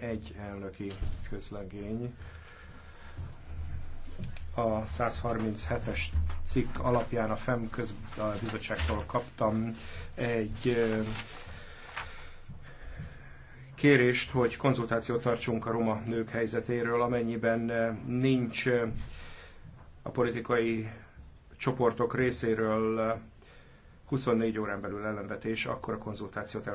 egy elnöki közlegény. A 137-es cikk alapján a FEM közbizottságtól kaptam egy kérést, hogy konzultációt tartsunk a roma nők helyzetéről, amennyiben nincs a politikai csoportok részéről 24 órán belül ellenvetés, akkor a konzultációt el